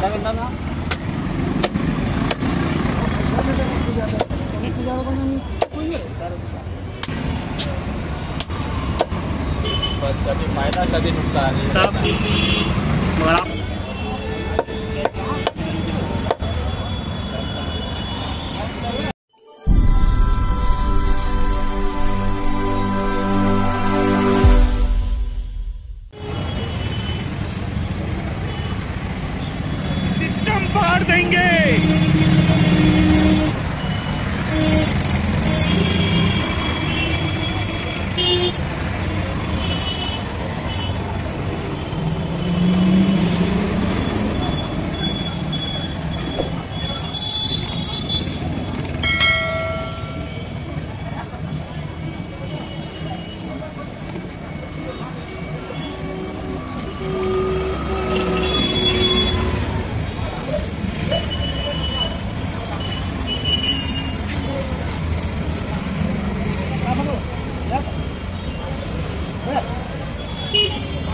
Jangan-jangan Jangan-jangan jangan Berdengue!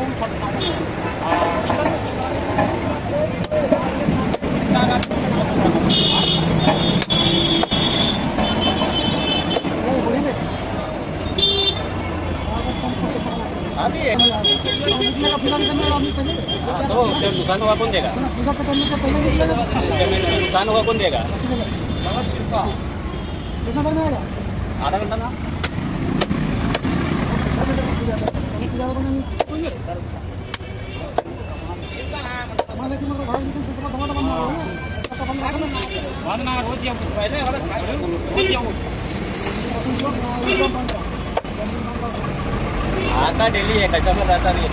तो जब नुकसान होगा कौन देगा नुकसान होगा कौन देगा में आएगा आधा घंटा ना आता डेली है कशाला जाता नाही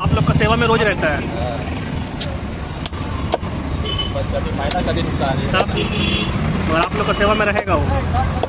आप लोग का सेवा में रोज रहता है बस कभी फायदा कभी नुकसान है और आप लोग का सेवा में रहेगा वो